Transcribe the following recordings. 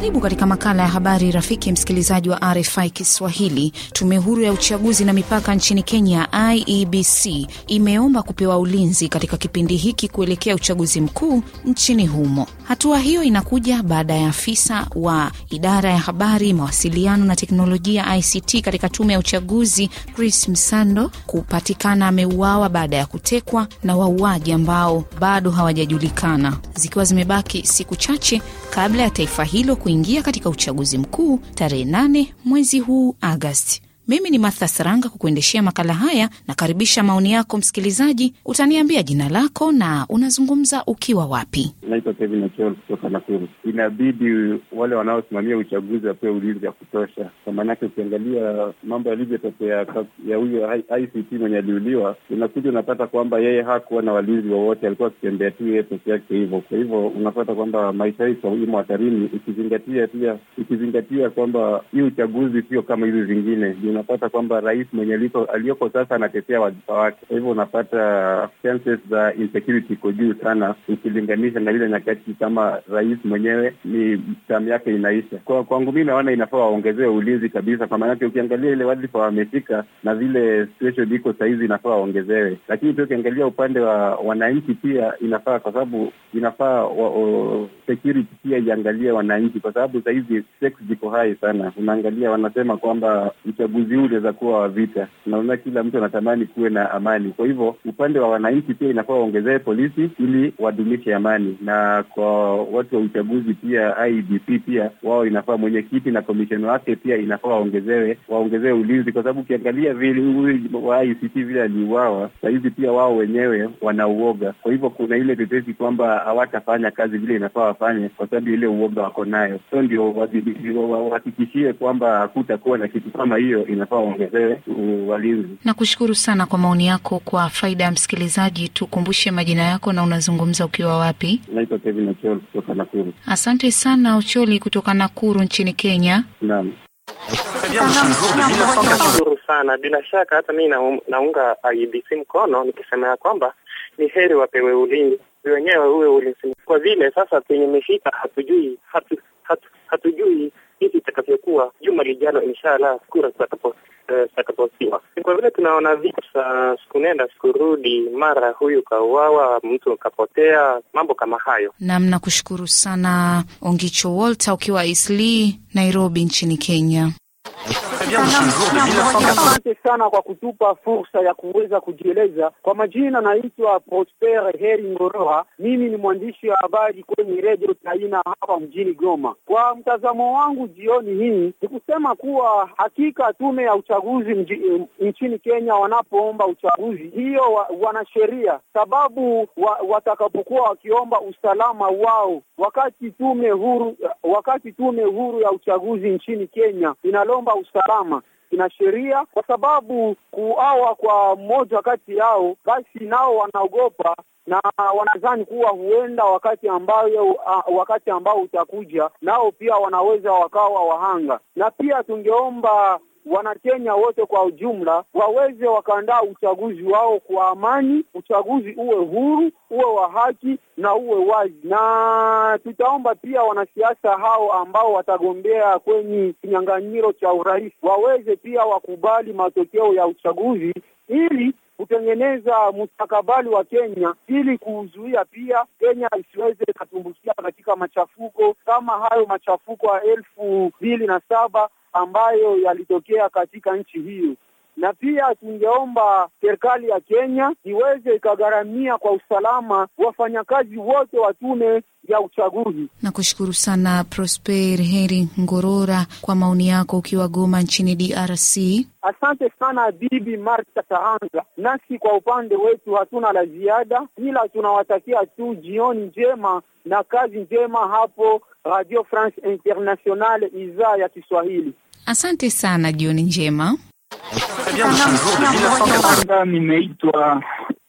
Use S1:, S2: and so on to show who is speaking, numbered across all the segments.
S1: Karibu katika makala ya habari rafiki, msikilizaji wa RFI Kiswahili. Tume huru ya uchaguzi na mipaka nchini Kenya, IEBC, imeomba kupewa ulinzi katika kipindi hiki kuelekea uchaguzi mkuu nchini humo. Hatua hiyo inakuja baada ya afisa wa idara ya habari, mawasiliano na teknolojia, ICT, katika tume ya uchaguzi Chris Msando kupatikana ameuawa baada ya kutekwa na wauaji ambao bado hawajajulikana, zikiwa zimebaki siku chache kabla ya taifa hilo kuingia katika uchaguzi mkuu tarehe 8 mwezi huu Agasti. Mimi ni Martha Saranga kukuendeshea makala haya, nakaribisha maoni yako msikilizaji. Utaniambia jina lako na unazungumza ukiwa wapi?
S2: Naitwa Kevin Achol kutoka Nakuru. Inabidi wale wanaosimamia uchaguzi wapewe ulinzi ya kutosha, kwa maanake ukiangalia mambo yalivyotokea ya huyo ICT mwenye aliuliwa, unakuja unapata kwamba yeye hakuwa na walinzi wowote, alikuwa akitembea tu yeye peke yake hivyo. Kwa hivyo unapata kwamba maisha hii imo hatarini, ikizingatia pia ikizingatia kwamba hii uchaguzi sio kama hizi zingine unapata kwamba rais mwenye aliyoko sasa anatetea wadhifa wake. Kwa hivyo unapata chances za insecurity iko juu sana, ukilinganisha na ile nyakati kama rais mwenyewe ni tam yake inaisha. Kwa kwangu mi naona inafaa waongezewe ulinzi kabisa, kwa maanake ukiangalia ile wadhifa wameshika na vile situation iko sahizi, inafaa waongezewe. Lakini pia ukiangalia upande wa wananchi pia inafaa, kwa sababu inafaa security pia iangalie wananchi, kwa sababu sahizi sex ziko hai sana. Unaangalia wanasema kwamba uchaguzi juhudi za kuwa wa vita. naona kila mtu anatamani kuwe na amani. Kwa hivyo upande wa wananchi pia inafaa waongezee polisi ili wadumishe amani, na kwa watu wa uchaguzi pia IBC pia wao inafaa mwenyekiti na komisheni wake pia inafaa waongezewe waongezewe ulinzi, kwa sababu ukiangalia vile huyu wa ICT vile aliuawa, sahizi pia wao wenyewe wanauoga. Kwa hivyo kuna ile tetesi kwamba hawatafanya kazi vile inafaa wafanye, kwa sababu ile uoga wako nayo. So ndio wahakikishie kwamba hakutakuwa na kitu kama hiyo inafaa waongezewe walinzi.
S1: Nakushukuru sana kwa maoni yako. Kwa faida ya msikilizaji, tukumbushe majina yako na unazungumza ukiwa wapi?
S2: Naitwa Kevin Ocholi kutoka Nakuru.
S1: Asante sana Ocholi kutoka Nakuru nchini Kenya.
S2: Naam. Nashukuru sana. Bila shaka hata mi naunga IEBC mkono nikisema ya kwamba ni heri wapewe ulinzi wenyewe, uwe ulinzi, kwa vile sasa penye imefika hatujui, hatu, hatu, hatujui hivi itakavyokuwa juma lijalo, allah kura zitakaposiwa. Eh, Kwa vile tunaona visa siku nenda siku rudi, mara huyu kauawa, mtu kapotea, mambo kama hayo.
S1: Nam, nakushukuru sana Ongicho Walter ukiwa Isli, Nairobi nchini Kenya.
S3: Asante sana kwa kutupa fursa ya kuweza kujieleza. Kwa majina naitwa Prosper Heri Ngoroha, mimi ni mwandishi wa habari kwenye redio Taina hapa mjini Goma. Kwa mtazamo wangu jioni hii ni kusema kuwa hakika tume ya uchaguzi nchini Kenya wanapoomba uchaguzi hiyo wa, wanasheria sababu wa, watakapokuwa wakiomba usalama wao wakati tume huru wakati tume huru ya uchaguzi nchini Kenya inalomba usalama chama kina sheria, kwa sababu kuawa kwa mmoja kati yao, basi nao wanaogopa na wanadhani kuwa huenda wakati ambayo wakati ambao utakuja nao pia wanaweza wakawa wahanga. Na pia tungeomba Wanakenya wote kwa ujumla waweze wakaandaa uchaguzi wao kwa amani, uchaguzi uwe huru, uwe wa haki na uwe wazi, na tutaomba pia wanasiasa hao ambao watagombea kwenye kinyang'anyiro cha urais waweze pia wakubali matokeo ya uchaguzi ili kutengeneza mustakabali wa Kenya
S4: ili kuzuia
S3: pia Kenya isiweze katumbukia katika machafuko kama hayo machafuko ya elfu mbili na saba ambayo yalitokea katika nchi hiyo na pia tungeomba serikali ya Kenya iweze ikagharamia kwa usalama wafanyakazi wote
S1: wa tume ya uchaguzi. Nakushukuru sana Prosper Heri Ngorora kwa maoni yako ukiwa Goma nchini DRC. Asante sana Bibi Martha Kahanga.
S3: Nasi kwa upande wetu hatuna la ziada, ila tunawatakia tu jioni njema na kazi njema hapo Radio France Internationale idhaa ya
S1: Kiswahili. Asante sana, jioni njema.
S4: Kwanza nimeitwa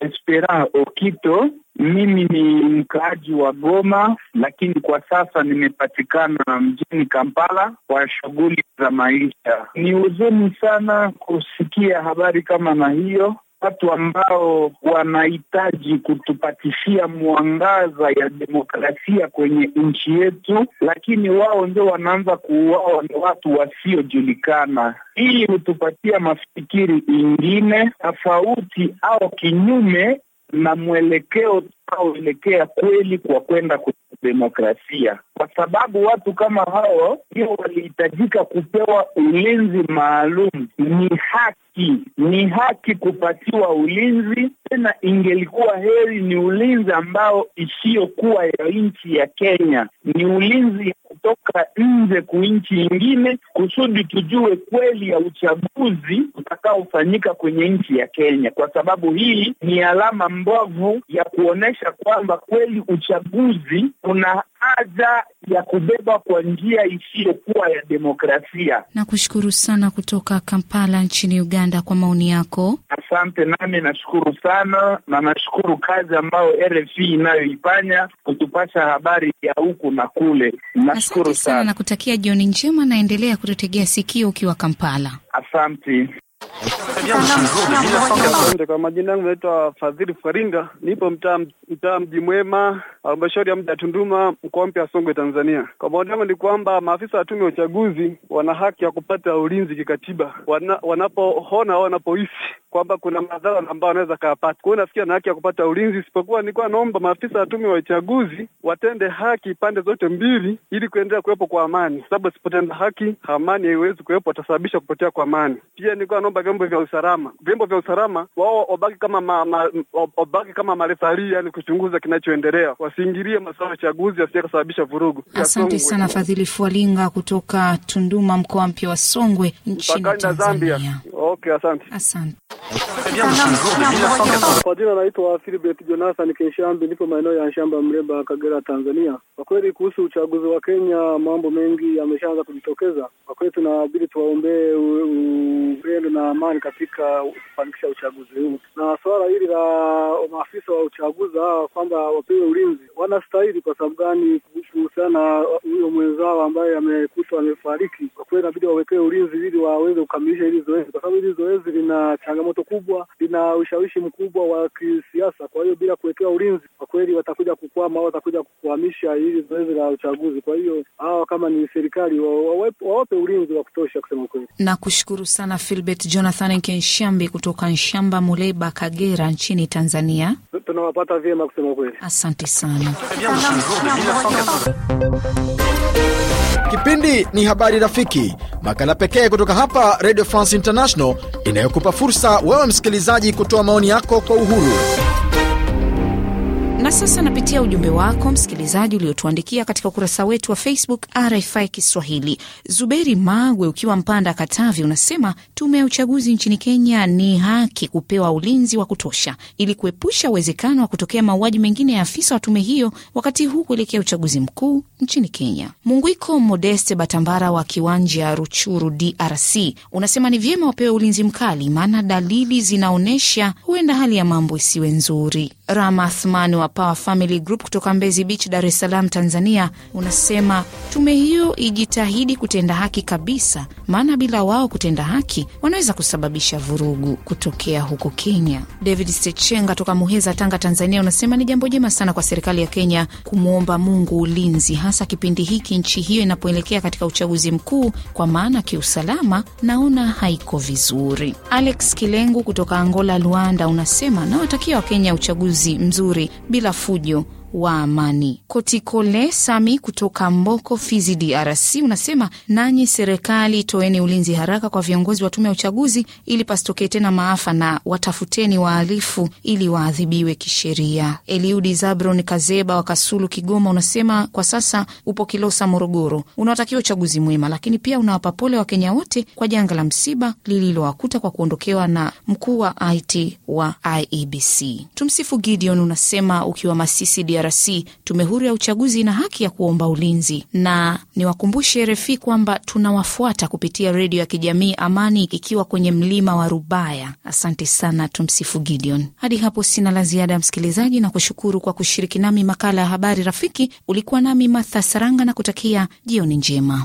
S4: Espera Okito. Mimi ni mkaaji wa Goma, lakini kwa sasa nimepatikana mjini Kampala kwa shughuli za maisha. Ni huzuni sana kusikia habari kama na hiyo, watu ambao wanahitaji kutupatishia mwangaza ya demokrasia kwenye nchi yetu, lakini wao ndio wanaanza kuuawa na watu wasiojulikana. Hii hutupatia mafikiri ingine tofauti au kinyume na mwelekeo tunaoelekea kweli kwa kwenda kwenye demokrasia, kwa sababu watu kama hao ndio walihitajika kupewa ulinzi maalum. Ni haki, ni haki kupatiwa ulinzi. Tena ingelikuwa heri ni ulinzi ambao isiyokuwa ya nchi ya Kenya, ni ulinzi kutoka nje ku nchi nyingine, kusudi tujue kweli ya uchaguzi utakaofanyika kwenye nchi ya Kenya, kwa sababu hii ni alama mbovu ya kuonesha kwamba kweli uchaguzi una adha ya kubeba kwa njia isiyokuwa ya demokrasia.
S1: kushukuru sana kutoka Kampala nchini Uganda kwa maoni yako.
S4: Asante, nami nashukuru sana na nashukuru kazi ambayo RFI inayoifanya kutupasha habari ya huku na kule. Nashukuru sana, sana na
S1: kutakia jioni njema, naendelea kututegea sikio ukiwa Kampala.
S3: Asante. Kwa majina yangu naitwa Fadhili Faringa, nipo mtaa mtaa Mji Mwema Halmashauri ya mji ya Tunduma, mkoa mpya wa Songwe, Tanzania. Kwa maoni yangu ni kwamba maafisa wa tume ya uchaguzi wana haki ya kupata ulinzi kikatiba wana, wanapoona au wanapohisi kwamba kuna madhara ambayo wanaweza kayapata. Kwa hiyo nafikiri na haki ya kupata ulinzi, isipokuwa nilikuwa naomba maafisa wa tume wa uchaguzi watende haki pande zote mbili, ili kuendelea kuwepo kwa amani, sababu asipotenda haki amani haiwezi kuwepo, watasababisha kupotea kwa amani. Pia nilikuwa naomba vyombo vya usalama, vyombo vya usalama wao wabaki kama ma, ma, wabaki kama marefarii, yani kuchunguza kinachoendelea wasiingilie masuala ya chaguzi yasiyosababisha vurugu. Asante sana
S1: Fadhili Fualinga kutoka Tunduma, mkoa mpya wa Songwe nchini Tanzania.
S3: Okay, asante, asante. Majina naitwa Philbert Jonathan Kenshambi, nipo maeneo ya Nshamba, Mreba, Kagera, Tanzania. Kwa kweli kuhusu uchaguzi wa Kenya, mambo mengi yameshaanza kujitokeza. Kwa kweli tunabidi tuwaombee upendo na amani katika kufanikisha uchaguzi huu, na suala hili la maafisa wa uchaguzi hawa kwamba wapewe ulinzi, wanastahili kwa sababu gani? Kuhusiana na huyo mwenzao ambaye amekutwa amefariki, kwa kweli inabidi wawekewe ulinzi ili waweze kukamilisha hili zoezi, kwa sababu hili zoezi lina changamoto changamoto kubwa, lina ushawishi mkubwa wa kisiasa. Kwa hiyo bila kuwekewa ulinzi, kwa kweli watakuja kukwama au watakuja kukwamisha hili zoezi la uchaguzi. Kwa hiyo hawa kama ni serikali wawape ulinzi wa kutosha, kusema kweli
S1: Na kushukuru sana Philbert Jonathan Kenshambi kutoka Nshamba, Muleba, Kagera nchini Tanzania
S3: tunawapata vyema kusema kweli.
S1: Asante sana.
S3: Kipindi ni Habari Rafiki, makala pekee kutoka hapa Radio France International inayokupa fursa wewe msikilizaji kutoa maoni yako kwa uhuru.
S1: Na sasa napitia ujumbe wako msikilizaji uliotuandikia katika ukurasa wetu wa Facebook RFI Kiswahili. Zuberi Magwe ukiwa Mpanda, Katavi, unasema tume ya uchaguzi nchini Kenya ni haki kupewa ulinzi wa kutosha ili kuepusha uwezekano wa kutokea mauaji mengine ya afisa wa tume hiyo wakati huu kuelekea uchaguzi mkuu nchini Kenya. mungwiko Modeste Batambara wa Kiwanja Ruchuru, DRC, unasema ni vyema wapewe ulinzi mkali, maana dalili zinaonyesha huenda hali ya mambo isiwe nzuri. Rama Athmani wa Power Family Group kutoka Mbezi Beach, Dar es Salaam, Tanzania, unasema tume hiyo ijitahidi kutenda haki kabisa, maana bila wao kutenda haki wanaweza kusababisha vurugu kutokea huko Kenya. David Sechenga toka Muheza, Tanga, Tanzania, unasema ni jambo jema sana kwa serikali ya Kenya kumwomba Mungu ulinzi, hasa kipindi hiki nchi hiyo inapoelekea katika uchaguzi mkuu, kwa maana kiusalama naona haiko vizuri. Alex Kilengu kutoka Angola, Luanda, unasema nawatakia Wakenya uchaguzi uchaguzi mzuri bila fujo wa amani. Kotikole Sami kutoka Mboko, Fizi, DRC unasema nanyi serikali toeni ulinzi haraka kwa viongozi wa tume ya uchaguzi ili pasitokee tena maafa, na watafuteni wahalifu ili waadhibiwe kisheria. Eliudi Zabron Kazeba wa Kasulu, Kigoma unasema kwa sasa upo Kilosa, Morogoro, unawatakia uchaguzi mwema, lakini pia unawapa pole Wakenya wote kwa janga la msiba lililowakuta kwa kuondokewa na mkuu wa IT wa IEBC. Tumsifu Gideon unasema ukiwa Masisi, DRC DRC, tume huru ya uchaguzi ina haki ya kuomba ulinzi. Na niwakumbushe RFI kwamba tunawafuata kupitia redio ya kijamii Amani ikiwa kwenye mlima wa Rubaya. Asante sana, tumsifu Gideon. Hadi hapo sina la ziada ya msikilizaji, na kushukuru kwa kushiriki nami makala ya habari rafiki. Ulikuwa nami Martha Saranga na kutakia jioni njema.